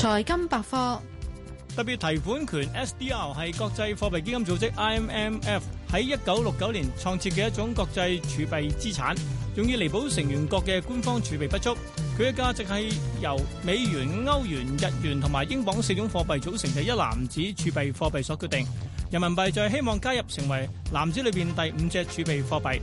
財金百科，特別提款權 SDR 係國際貨幣基金組織 IMF 喺一九六九年創設嘅一種國際儲備資產，用以彌補成員國嘅官方儲備不足。佢嘅價值係由美元、歐元、日元同埋英鎊四種貨幣組成嘅一籃子儲備貨幣所決定。人民幣就係希望加入成為籃子裏邊第五隻儲備貨幣，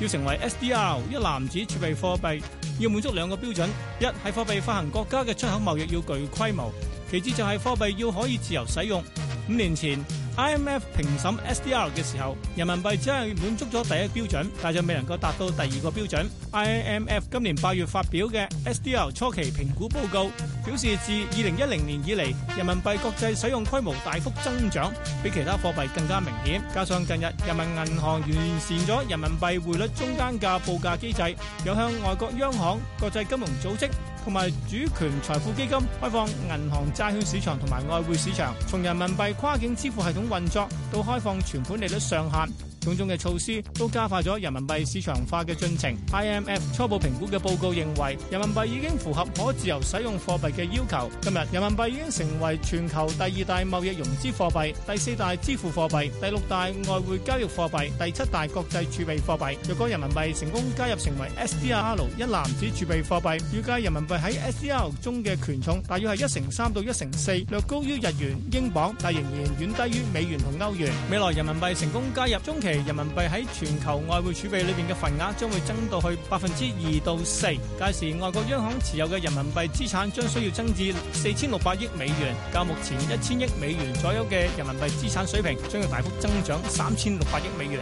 要成為 SDR 一籃子儲備貨幣，要滿足兩個標準：一係貨幣發行國家嘅出口貿易要具規模，其次就係貨幣要可以自由使用。五年前，IMF 評審 SDR 嘅時候，人民幣只係滿足咗第一標準，但係未能夠達到第二個標準。IMF 今年八月發表嘅 SDR 初期評估報告表示，自二零一零年以嚟，人民幣國際使用規模大幅增長，比其他貨幣更加明顯。加上近日人民銀行完善咗人民幣匯率中間價報價機制，又向外國央行、國際金融組織。同埋，主權財富基金，開放銀行債券市場同埋外匯市場，從人民幣跨境支付系統運作到開放存款利率上限。種種嘅措施都加快咗人民幣市場化嘅進程。IMF 初步評估嘅報告認為，人民幣已經符合可自由使用貨幣嘅要求。今日，人民幣已經成為全球第二大貿易融資貨幣、第四大支付貨幣、第六大外匯交易貨幣、第七大國際儲備貨幣。若果人民幣成功加入成為 SDR 一籃子儲備貨幣，預計人民幣喺 SDR 中嘅權重大約係一成三到一成四，1, 4, 略高於日元、英鎊，但仍然遠低於美元同歐元。未來人民幣成功加入中期。人民幣喺全球外匯儲備裏邊嘅份額將會增到去百分之二到四，屆時外國央行持有嘅人民幣資產將需要增至四千六百億美元，較目前一千億美元左右嘅人民幣資產水平，將要大幅增長三千六百億美元。